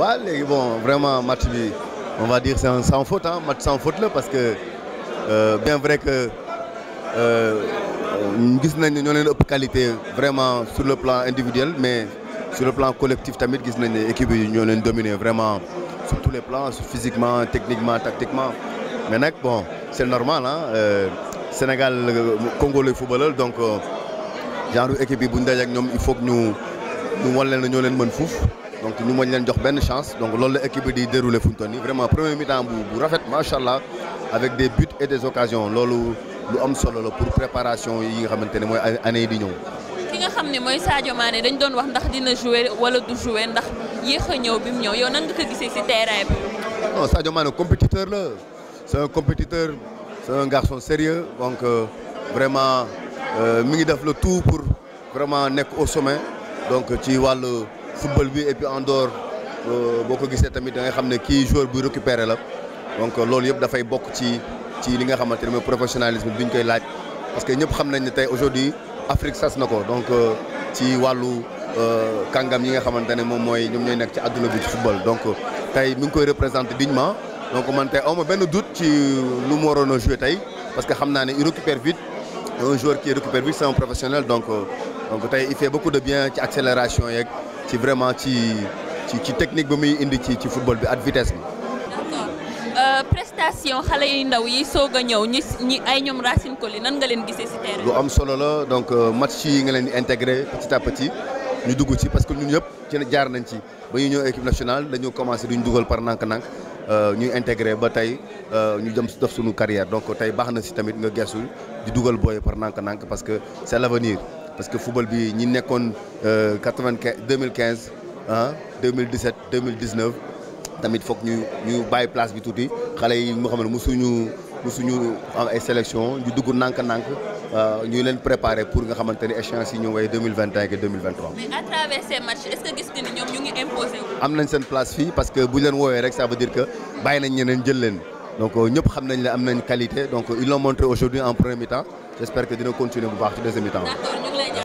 waa léegi bon vraiment match bi on va dire c'est un sans faute ah match sans faute la parce que euh, bien vrai que euh, euh, gis nañ ne ñoo leen ëpp qualité vraiment sur le plan individuel mais sur le plan collectif tamit gis nañ ne équipe yi ñoo leen dominer vraiment sur tous les plans physiquement techniquement tactiquement mais nag bon c'est normal ah euh, Sénégal euh, Congo lay footballal donc genre équipe yi bu ñu dajee ñoom il faut que ñu ñu wan leen ñoo leen mën fuuf. donc ñu mën leen jox benn chance donc loolu la équipe bi di déroulé fu ñu toll vraiment premier mi-temps bu bu rafet macha allah avec des buts et des occasions loolu lu am solo la pour préparation yi nga xamante ne mooy année di ñëw. ki nga xam ne mooy Sadio dañ doon wax ndax dina jouer wala du jouer ndax yéex a ñëw bi mu ñëw yow nan ko gisee ci terrain bi. non Sadio compétiteur la c'est un compétiteur c'est un garçon sérieux donc euh, vraiment euh, mi ngi def le tout pour vraiment nekk au sommet donc ci wàllu. football bi et puis en dehors euh, boo ko gisee tamit dangay xam ne kii joueur buy récupérer la donc euh, loolu yëpp dafay bokk ci ci li nga xamante ne mooy professionnalisme bi ñu koy laaj parce que ñëpp xam nañ ne tey aujourd'hui Afrique sas na ko donc euh, ci wàllu kàngam yi nga xamante ne moom mooy ñoom ñooy nekk ci àdduna bi ci football donc tey mi ngi koy représenter dignement donc man tey awma benn doute ci lu mu waroon a jouer tey parce que xam naa ne il récupère vite un joueur qui récupère vite c'est un donc donc tey il fait beaucoup bien ci accélération yeeg ci vraiment ci ci ci technique bi muy indi ci ci football bi ak vitesse bi. Euh, prestation xale yu ndaw yi soog ñëw ñi ñi ay ñoom Racine Coly nan nga leen gisee si terrain. lu am solo la donc euh, match yi nga leen di intégré petit à petit ñu dugg ci parce que ñun ñëpp ci jaar nañ ci ba ñu ñëw équipe nationale dañu commencé duñ dugal par nànk-nànk euh, ñuy intégré ba tey ñu jëm def suñu carrière donc tey baax na si tamit nga gesul di dugal booy par nànk-nànk parce que c'est l'avenir. parce que football bi ñi nekkoon euh, quatre vingt quinze deux mille quinze ah deux mille dix sept deux mille dix neuf tamit foog ñu ñu bàyyi place bi tuuti xale yi nga xam ne mosuñu mosuñu am ay sélection ñu dugg nank nànk euh, ñu leen préparer pour nga xamante ni échéance yi ñëw waaye mille vingt et un ak deux mille ñoom ñu ngi imposé wu. am nañ seen place fii parce que bu ñu leen woowee rek ça veut dire que bàyyi nañ ñeneen jël leen. donc euh, ñëpp xam nañ ne am nañ qualité donc ils l'ont montré aujourd'hui en premier mi j'espère que dina continuer bu baax ci deuxième mi-temps